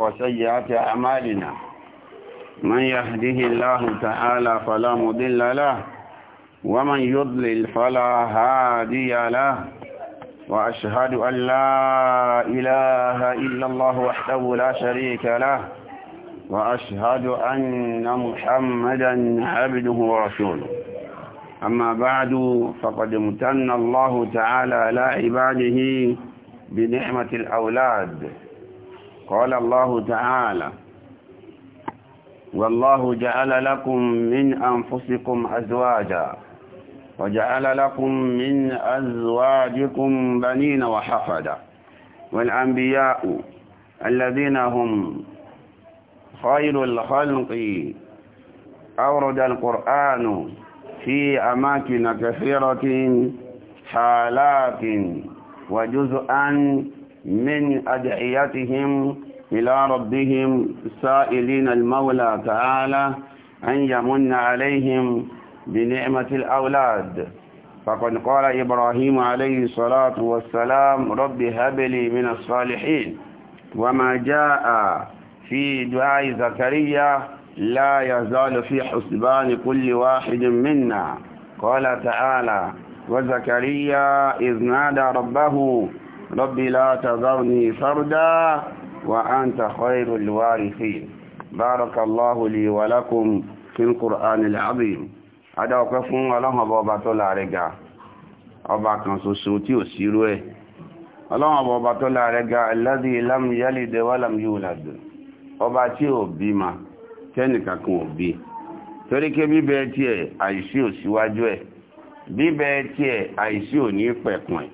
وسيئات أعمالنا من يهده الله تعالى فلا مضل له ومن يضلل فلا هادي له وأشهد أن لا إله إلا الله وحده لا شريك له وأشهد أن محمدا عبده ورسوله أما بعد فقد امتن الله تعالى على عباده بنعمة الأولاد قال الله تعالى والله جعل لكم من أنفسكم أزواجا وجعل لكم من أزواجكم بنين وحفدا والأنبياء الذين هم خير الخلق أورد القرآن في أماكن كثيرة حالات وجزءا من أدعيتهم إلى ربهم سائلين المولى تعالى أن يمن عليهم بنعمة الأولاد فقد قال إبراهيم عليه الصلاة والسلام رب هب لي من الصالحين وما جاء في دعاء زكريا لا يزال في حسبان كل واحد منا قال تعالى وزكريا إذ نادى ربه رب لا تذرني فردا وأنت خير الوارثين بارك الله لي ولكم في القرآن العظيم هذا وقف الله بابا تولى رجع ọba kan ṣoṣo tí ò sírú ẹ̀ ọlọ́run ọba ọba tó láàrẹ ga alladhi lam yalid wa lam yulad ọba tí ò bí ma tẹ́nìkan ò bí torí ké bíbẹ tiẹ̀ àìsí ò síwájú ẹ̀ bíbẹ tiẹ̀ àìsí ò ní pẹ̀kùn ẹ̀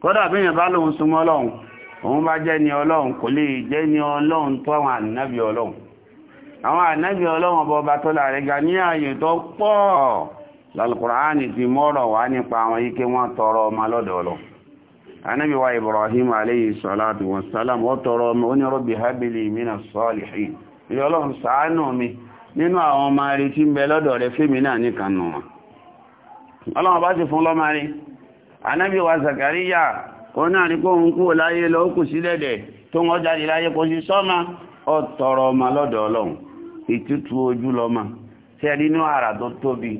kódà bí yẹn bá lóun súnmọ́ ọlọ́run òun bá jẹ́ ni ọlọ́run kò lè jẹ́ ni ọlọ́run tó àwọn ànábì ọlọ́run àwọn ànábì ọlọ́run ọba ọba tó ní ààyè tó ti mọ́rọ̀ wá nípa ike wọn tọrọ ọmọ lọ́dọ̀ ọlọ́run Ibrahim alayhi salatu wa salam tọrọ ọmọ ó ní habili mina ilé ọlọ́run mi nínú àwọn ọmọ rẹ̀ tí ń bẹ lọ́dọ̀ rẹ̀ fẹ́mi náà wọn ọlọ́run bá ti anábì wa Zakariya ó náà ní kó ń kú láyé lọ kù sílẹ̀dẹ̀ tó wọ́n jáde láyé kò sí sọ́mà ọ tọrọ ọmọ lọ́dọ̀ ọlọ́run ìtútù ojú lọ́mà tí ẹ nínú àrà tó tóbi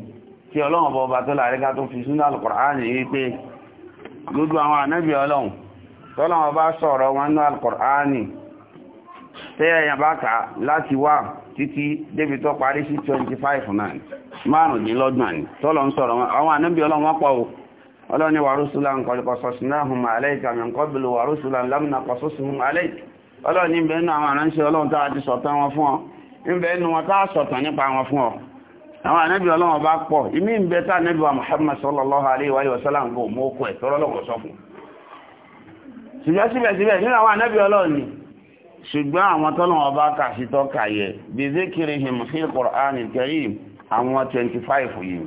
tí ọlọ́run bọ́ ọba tó láàrín tó fi sínú al wípé gbogbo àwọn anábì ọlọ́run ọlọ́ni wàrúsùlá ń kọlù kọsọ̀sùnáhùn aláìkà min qablu wàrúsùlá lámìnà kọsọ̀sùn aláìkà ọlọ́ni ń bẹ̀ẹ́nu àwọn aránṣẹ́ ọlọ́run tá a ti sọ̀tàn wọn fún ọ ń bẹ̀ẹ́nu wọn tá a sọ̀tàn nípa wọn fún ọ àwọn ànábì ọlọ́run bá pọ̀ ìmí ń bẹ tá ànábì wa Muhammad sallallahu alayhi wa 25 yìí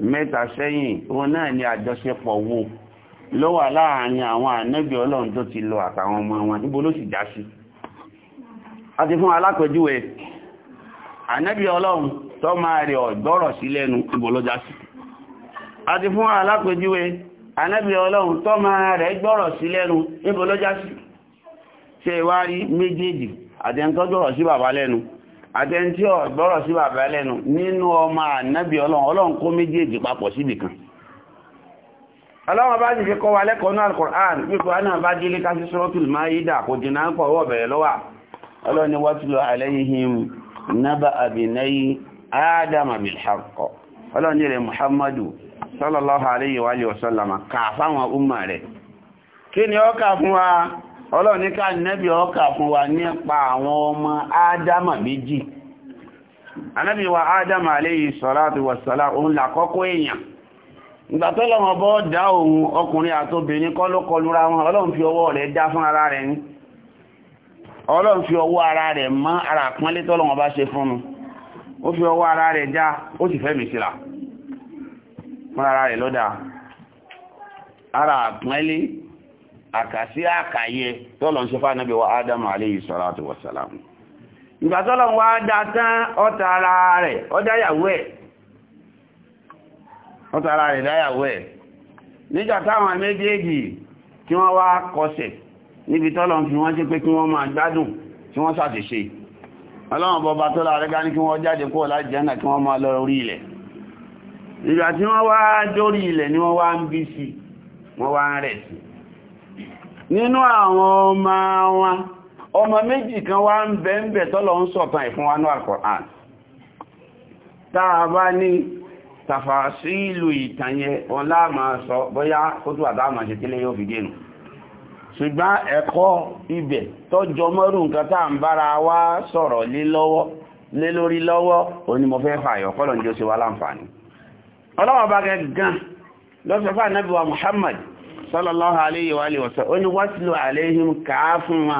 mẹ́ta sẹ́yìn òun náà ni àjọṣepọ̀ wo ló wà láàárín àwọn ànábì ọlọ́run tó ti lọ àtàwọn ọmọ wọn níbo ló sì já sí a ti fún alákọ̀ọ́júwe ànábì ọlọ́run tó máa rẹ̀ ọ̀gbọ́rọ̀ sí lẹ́nu níbo ló já sí a ti fún alákọ̀ọ́júwe ànábì ọlọ́run tó máa rẹ̀ gbọ́rọ̀ sí lẹ́nu níbo ló já sí ṣe ìwárí méjèèjì àtẹ̀ntọ́jọ́rọ̀ sí bàbá lẹ́nu àtẹntí ọ̀gbọ́rọ̀ sí bàbá lẹ́nu nínú ọmọ ànábì ọlọ́run ọlọ́run kó méjèèjì papọ̀ síbì kan ọlọ́run bá fi kọ́ wa lẹ́kọ̀ọ́ Al-Qur'an pípọ̀ náà bá délé ká sí Suratul Maida kò dìnnà ń pọ̀ wọ́ lọ́wà ọlọ́run ní ká nẹ́bí ọkà fún wa nípa àwọn ọmọ ádámà méjì anábí wa ádámà aléyìí sọ́látù wàsálà òun làkọ́kọ́ èèyàn ìgbà tó lọ́wọ́ bọ́ dá òun ọkùnrin àtobìnrin wọn ọlọ́run fi ọwọ́ rẹ̀ dá fún ara rẹ̀ ní ọlọ́run fi ọwọ́ ara rẹ̀ mọ́ ara tọ́lọ́wọ́ bá ṣe fún ara àkàsí àkàyẹ tọ́lọ̀ ń ṣe fún ànábì wa ádámù aléyìí sọ́látù wọ̀sálàm ìgbà tọ́lọ̀ wá dá tán ọta ara rẹ̀ ọdáyàwó ẹ̀ ọta ara rẹ̀ dáyàwó ẹ̀ nígbà táwọn méjèèjì tí wọ́n wá kọsẹ̀ níbi tọ́lọ̀ fi wọ́n jẹ́ pé kí wọ́n máa gbádùn tí wọ́n ṣàtìṣe ọlọ́run bọba tọ́lọ̀ àrẹ́gá ní kí wọ́n jáde kúrò láti jẹ́nà kí wọ́n wá ń rẹ̀ sí nínú àwọn ọmọ wọn ọmọ méjì kan wá ń bẹ ń bẹ tọ́lọ̀ ń sọ̀tàn ìfún wa ní Al-Qur'an táà bá ní tàfàṣílù ìtànyẹ wọn láàmà sọ bóyá kó tó àdáàmà ṣe tílé yóò fi dénù ṣùgbọ́n ẹ̀kọ́ ibẹ̀ tọ́jọ mọ́rù nǹkan táà ń bára wá sọ̀rọ̀ lé lórí lọ́wọ́ onímọ̀fẹ́ fàyọ̀ kọ́lọ̀ ní ó ṣe wá láǹfààní ọlọ́wọ́ bá gẹ́gán lọ́sọ̀fà nábì wa Muhammad sallallahu alayhi wa alihi wa sallam ó ní wátìlú alayhim kàá fún wa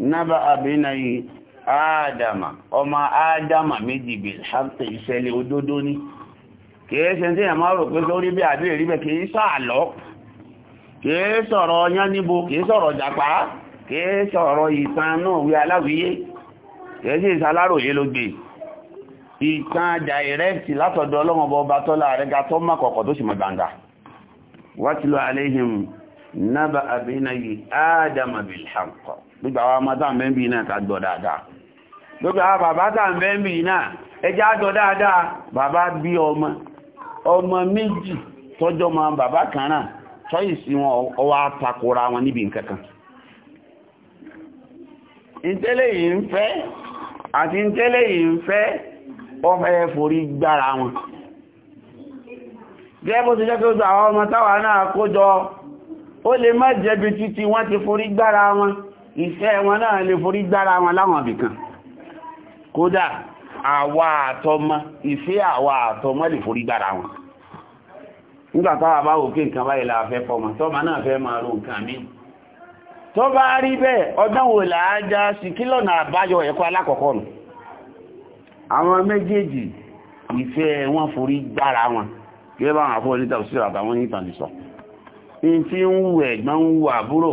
nábà àbínáyì ádámà ọmọ ádámà méjì bil haqqi ìṣẹ̀lẹ̀ òdodo ní kìí ṣe tí ẹ̀mọ́ rò pé sórí bí àbílẹ̀ rí bẹ́ kìí sàálọ́ kìí sọ̀rọ̀ ọyán níbo kìí sọ̀rọ̀ jàpá kìí sọ̀rọ̀ ìtàn náà wí aláwíyé kìí sí ga wátìlú aléhìn nába àbínáyì ádámà bilhaqqa gbogbo àwọn amátà mẹ́bí náà ká gbọ́ dáadáa gbogbo àwọn bàbá tà mẹ́bí náà ẹjá gbọ́ dáadáa bàbá bí ọmọ ọmọ méjì tọ́jọ́ ma bàbá kan tọ́yìsí wọn ọwá takora wọn níbi nǹkankan ìtẹ́lẹ̀ fẹ́ àti ìtẹ́lẹ̀ fẹ́ wọn gẹ́gẹ́ bó ti jẹ́ kí ó àwọn ọmọ táwà náà kójọ ó lè má títí wọ́n ti forí wọn ìfẹ́ wọn náà lè forí wọn láwọn ibìkan kódà àwa àtọmọ ìfẹ́ àwa àtọmọ lè forí wọn nígbà bá wò nǹkan báyìí la fẹ́ fọmọ tó bá rí bẹ́ẹ̀ ọdún wò láájá sí kí lọ́nà ẹ̀kọ́ alákọ̀ọ́kọ́ àwọn méjèèjì gẹ́gẹ́ bá àwọn àfọ́ onítà sí àtàwọn onítà ní sọ in tí ń wù ẹ̀gbọ́n ń wù àbúrò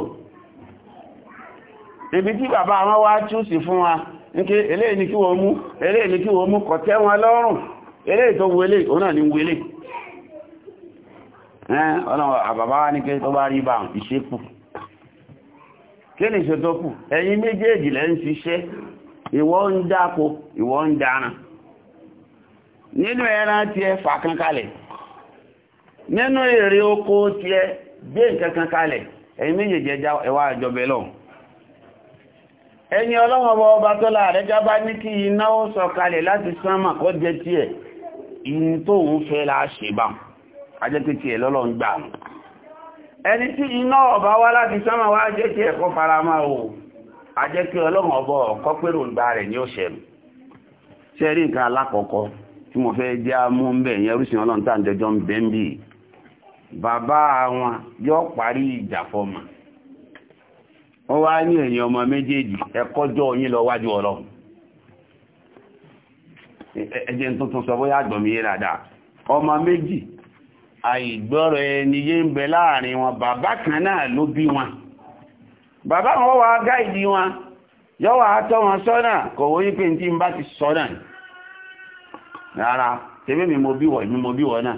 ibi tí bàbá àwọn wá tí ó sì fún wa ní kí eléyìí ní kí wọ́n mú eléyìí ní kí wọ́n mú kọ̀ tẹ́ wọn lọ́rùn eléyìí tó wọlé òun ń ṣiṣẹ́ ìwọ ń dáko nínú ẹran tí ẹ fà kankalẹ̀ nínú èrè oko ti ẹ gbé nǹkankan kalẹ̀ ẹ̀yin méjèèjì ẹwà àjọbẹ̀ lọ ẹni ọlọ́wọ́ ọba tó láàrẹ jábá ní kí iná ó sọ kalẹ̀ láti sánmà kọ́ jẹ tí ẹ, in tó ń fẹ́ láṣẹ́bà ajẹ́pẹ̀tì ọba ṣẹ́rí nǹkan alákọ̀ọ́kọ́ tí mo fẹ́ jẹ́ mú ń bẹ̀ yẹn ń ń bàbá wọn yóò parí ìjà fọ́mà wọ́n wá ní ẹ̀yin ọmọ méjèèjì ẹkọ́jọ́ yín lọ wájú ọlọ́run ẹjẹ́ tuntun sọ bóyá àgbọ̀mí yé dáadáa ọmọ méjì àìgbọ́rọ̀ ẹni yé ń bẹ láàrin wọn bàbá kan náà ló bí wọn bàbá wọn wá gáìdì wọn yóò wá tọ́ wọn sọ́nà kò wọ́n yí pé ní ń bá ti sọ́nà rárá tẹ́bí mi mo bí wọ̀ mi mo bí wọ̀ náà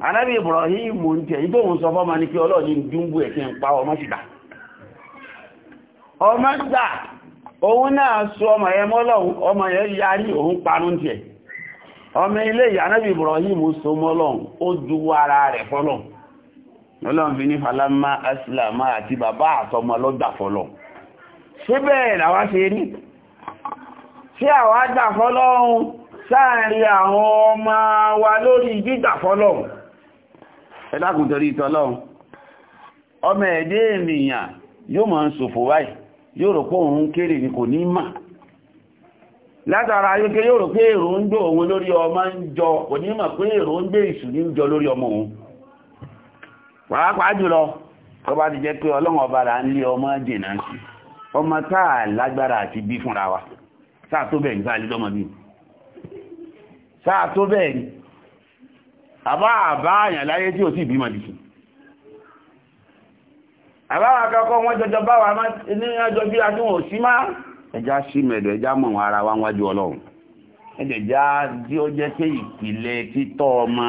anábì Ibrahim mò ń tẹ̀ ìtò òun sọ fọ́mọ ní kí ọlọ́ọ̀ni dúnbù ẹ̀ kí n pa ọmọ ṣìgbà ọmọ gbà òun náà sọ ọmọ ẹ mọ́lọ́hun ọmọ ẹ yarí òun parún tẹ̀ ọmọ ilé anábì Ibrahim sọ mọ́lọ́hun ọlọ́run fi falama asilama àti bàbá àtọmọ lọ́gbà fọ́lọ́hun ṣé bẹ́ẹ̀ làwa ṣe rí ṣé àwa gbà fọ́lọ́hun sáàrin ẹ̀dàkùn torí ìtọ́lọ́run ọmọ ẹ̀dẹ́ ènìyàn yóò mọ̀ ń yóò rò pé òun kéré ní kò ní látara ayókè yóò rò pé èrò ń gbé òun lórí ọmọ ń jọ kò ní mà pé èrò ń jọ lórí ọmọ òun pàápàá jùlọ tó bá ti jẹ́ pé ọlọ́run àbá àbá àyàn láyé tí ò sí ìbímọ dìsù àbá àkọ́kọ́ wọ́n jọjọ bá wa ní ọjọ́ bí a tí wọ́n sí má ẹjá sí mẹ̀dọ̀ ẹjá mọ̀ ara wa wájú ọlọ́run ẹjẹ̀já tí ó jẹ́ pé ìpìlẹ̀ ni sísọ ọmọ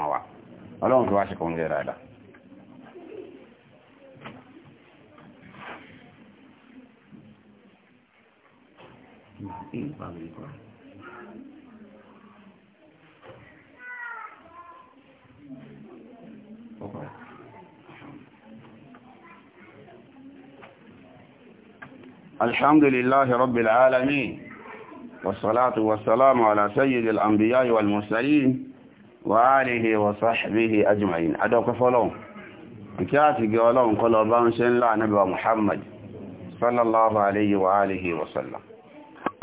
wa ọlọ́run tó wá ṣe kọ́ńgẹ́ بعض الحمد لله رب العالمين والصلاة والسلام على سيد الأنبياء والمرسلين وآله وصحبه أجمعين أدوك فلون كاتي قولون قلوبان سنلا نبي محمد صلى الله عليه وآله وسلم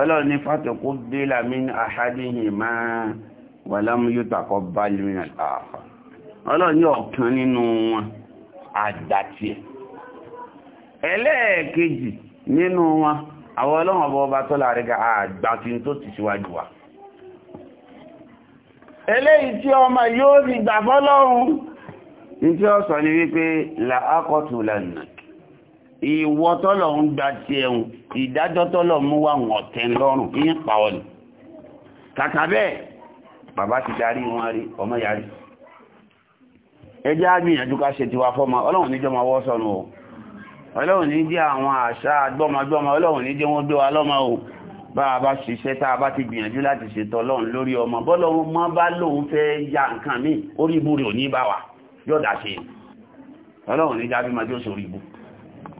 ọlọ́run ní fàtẹ̀kú bílà min ahadihima wà lámú yóò tàkọ bá lómìnà àfà ọlọ́run ní ọ̀kan nínú wọn àgbàtì ẹlẹ́ẹ̀kejì nínú wọn àwọn ọlọ́run ọba ọba tó láàrin ga àgbàtì tó ti síwájú wa eléyìí ìwọ tọ́lọ̀ ń gba ti ẹ̀hùn ìdájọ́ tọ́lọ̀ mú wà wọ̀n tẹ́ lọ́rùn ní pa ọ̀nà kàkà bẹ́ẹ̀ bàbá ti darí wọn rí ọmọ yarí ẹjẹ́ àgbìyànjú ká ṣe ti wá fọ́mọ ọlọ́run níjọ́ máa wọ́ sọnù o ọlọ́run ní jẹ́ àwọn àṣà gbọ́mọgbọ́mọ ọlọ́run ní jẹ́ wọ́n gbé wa lọ́mọ o bá a bá ṣiṣẹ́ tá a bá ti gbìyànjú láti ṣètò ọlọ́run lórí ọmọ bọ́lọ́run mọ́ bá lóun fẹ́ ya nǹkan míì orí ibu rẹ̀ ò ní bá wa yọ̀dà ṣe ọlọ́run ní dábí máa jó sórí ibu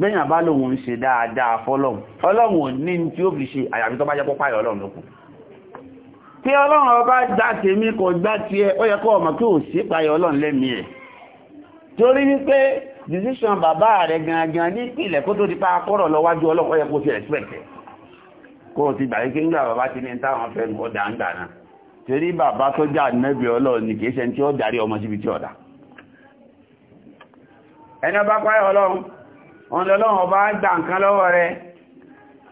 bẹ́yìn àbá lòun ń ṣe dáadáa fọ́lọ́run ọlọ́run ò ní tí ó fi ṣe àyàfi tó bá jẹ́ pọ́pá ọlọ́run lókun tí ọlọ́run ọba gbá tèmi kò gbá tiẹ̀ ó yẹ kó ọmọ kí ò sí payọ ọlọ́run lẹ́mìí ẹ̀ torí wípé decision bàbá rẹ̀ gangan ní ìpìlẹ̀ kó tó di pa akọ́rọ̀ lọ ọlọ́run ó yẹ kó o ti gbà wípé ńgbà bàbá ti ní táwọn fẹ́ mọ́ dáńgbà náà torí bàbá tó jà nẹ́bí ni kìí ṣe tí ó darí ọmọ síbi tí ọ̀dà ẹni ọba wọn lọ́lọ́wọ́ bá gbà nǹkan lọ́wọ́ rẹ̀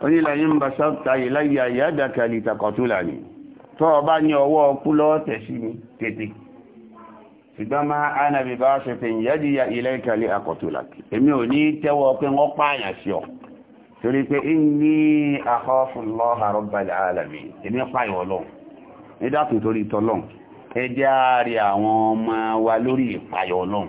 onílẹ̀yìn bá sọ́ta ìláyà ìyádàkàlì takọ̀túlà ni tọ́ ọba ní ọwọ́ ọkú lọ́ tẹ̀sí mi tètè ṣùgbọ́n máa ánàbì bá ṣe fi ìyádìyà ìlẹ́kàlì akọ̀túlà èmi ò ní tẹ́wọ́ pé wọ́n pààyàn sí ọ torí pé ní àkọ́fùnlọ́ àrọ́bàlẹ̀ alàmì èmi pààyàn ọlọ́run ní dákùn torí tọ́lọ́run ẹ àwọn ọmọ wa lórí ìpààyàn ọlọ́run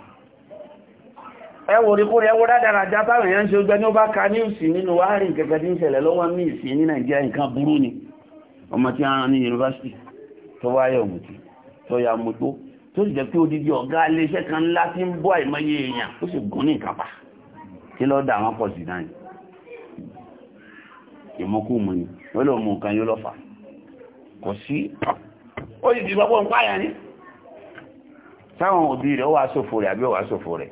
ẹwò rí kúrò ẹwò dáadáa jábáwò yẹn ṣe ogbẹ́ ní ó bá ka ní ìsì nínú wáàrin kẹ̀kẹ́ tí ń ṣẹlẹ̀ lọ́wọ́ ní ìsì ní nàìjíríà nǹkan burú ni ọmọ tí a ní yunifásitì tó wáyé ọ̀mùtí tó ya mọ́tò tó sì jẹ́ pé odidi ọ̀gá iléeṣẹ́ kan ńlá tí ń bọ́ àìmọye èèyàn ó sì gún ní ìkápá kí lọ́ dà wọ́n pọ̀ sí náà ìmọ̀kùmọ̀ ni wọ́n lọ́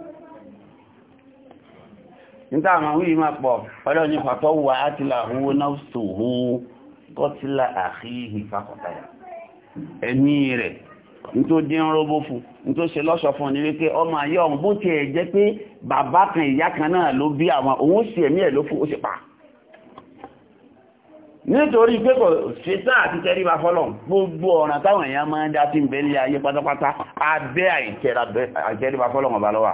níta àwọn àwọn yìí máa pọ̀ ọlọ́run ní pàtó wà á ti là owó náà sòwò tó ti là àhíhì fàkọ̀tàyà ẹ̀mí rẹ̀ nítorí dín róbó fún nítorí ṣe lọ́ṣọ̀ fún ní wípé ọmọ ayé ọ̀hún bó ti ẹ̀ jẹ́ pé bàbá kan ìyá kan náà ló bí àwọn òun sì ẹ̀mí ẹ̀ ló fún ó sì pa nítorí pé kò ṣetán àti tẹríba fọ́lọ̀ gbogbo ọ̀ràn táwọn èèyàn máa ń dá sí ìbẹ̀lẹ̀ ayé pátápátá abẹ́ àìtẹríba fọ́lọ̀ ọ̀bá lọ́wà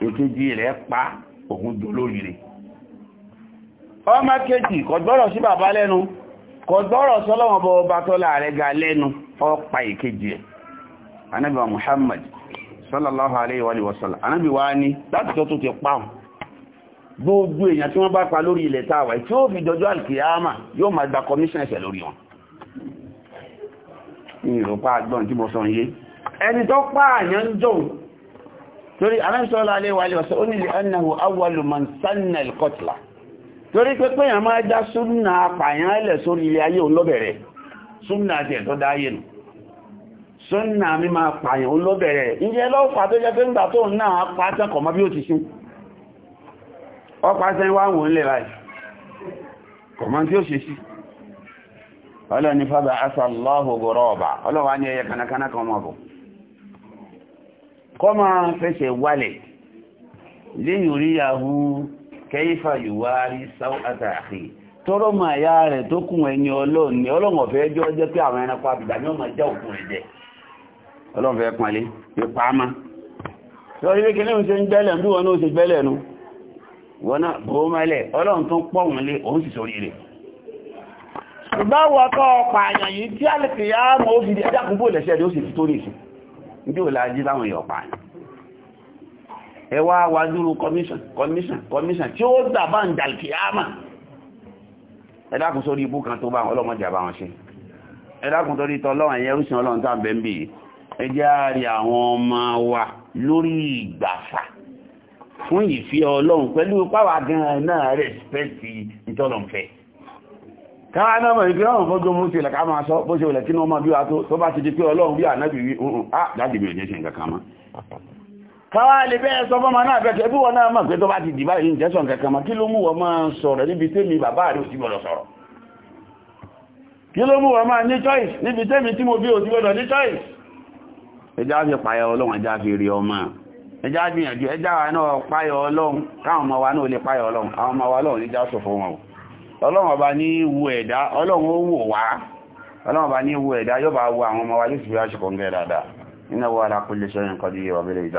èkejì rẹ̀ pa òun dolóríire ọmọ kejì kò gbọ́rọ̀ sí bàbá lẹ́nu kò gbọ́rọ̀ sọ́lọ́wọ́n bọ́ ọba tọ́lá rẹ̀ ga lẹ́nu ọpa èkejì ẹ̀ ànábì wa Muhammad sallallahu alayhi wa sallam ànábì wa ní láti tọ́ tó ti pàun gbogbo èèyàn tí wọ́n bá pa lórí ilẹ̀ tàwà tí ó fi dọjọ́ alkiyama yóò máa gba commission ẹ̀sẹ̀ lórí wọn ní ìrọ̀pá àgbọ̀n tí mo sọ yé ẹni tó pààyàn jọun torí anáṣọ́lá aléwà aléwàṣẹ́ ó nílé ẹnàwó awọlù man sannel kọtla torí pé pé yàn máa dá súnà pàyàn ẹlẹ̀ sórí ilé ayé olóbẹ̀rẹ̀ súnà àti ẹ̀tọ́ dáyé nù súnà mi máa pàyàn olóbẹ̀rẹ̀ ìjẹ́ lọ́fà tó jẹ́ pé ń gbà tó náà pàtẹ́ kọ̀mọ́ bí ó ti sín ọpàtẹ́ wá wọ́n lè kọ́ máa fẹ́sẹ̀ wálẹ̀ léyìn orí yahú kẹ́yífà yùwárí south africa tọ́rọ ma ya rẹ̀ tó kún ẹni ọlọ́run ni ọlọ́run ọ̀fẹ́ jọ jẹ́ pé àwọn ẹranko àbìgbà ní ọmọ jẹ́ òkun rẹ̀ jẹ́ ọlọ́run fẹ́ pọnlé pé pàámá lọ́rí wíkẹ́ ní oúnjẹ ń gbẹ́lẹ̀ bí wọn ní oúnjẹ gbẹ́lẹ̀ nu wọn náà bó mẹ́lẹ̀ ọlọ́run tó pọ̀ wọn lé òun sì sórí rẹ̀ ṣùgbọ́n wọ́n tọ́ ọ̀pààyàn yìí tí àlẹ́kìyà mọ́ ó fi di ẹjá ní ò láàájí láwọn èèyàn pa ní ẹwà wájúrú commission commission commission tí ó dàbà ń dàlkì ámà ẹ̀dàkùn sórí ibú kan tó bá wọn ọlọ́mọdé àbá wọn ṣe ẹ̀dàkùn torí tọ́lọ́wọ̀n ẹ̀yẹ rúṣin ọlọ́run tá bẹ́ ń bì ẹ jẹ́ á rí àwọn ọmọ wa lórí ìgbàfà fún ìfẹ́ ọlọ́run pẹ̀lú pàwàgán náà rẹ̀ spẹ́ẹ̀tì ìtọ́lọ̀mfẹ́ káà náà mọ̀ ìgbé ọ̀rùn fọ́jọ́ mú tilẹ̀ ká máa sọ bó ṣe wùlẹ̀ kí ní ọmọ bí wa tó bá ti di pé ọlọ́run bí ànábì wí oòrùn á jáde mi ò jẹ́ ṣe nǹkan kan mọ́ káwà lè bẹ́ẹ̀ sọ fọ́mọ náà bẹ́ẹ̀ bí wọn náà mọ̀ pé tó bá ti dìbà yìí jẹ́sọ̀ nǹkan kan mọ́ kí ló mú wọn máa sọ̀rọ̀ níbi tẹ́mi bàbá rẹ̀ ò ti sọ̀rọ̀ kí ló mú wọn máa ní choice níbi tẹ́mi tí mo bí ò ti ní choice ẹjá fi payọ ọlọ́run ẹjá fi rí ọmọ ẹjá gbìyànjú ẹjá wa náà payọ ọlọ́run káwọn ọmọ wa náà lè payọ ọlọ́run àwọn ọmọ wa ọlọ́run níjà sọ fún wọn ọlọ́run ọba ní wo ẹ̀dá ọlọ́run owó wò wá ọlọ́run ọba ní wo ẹ̀dá yóò bá wu àwọn ọmọ wa yóò sì fi aṣọ kọ̀ǹgẹ́ dáadáa innahu ala kulli shay'in qadir wa bihi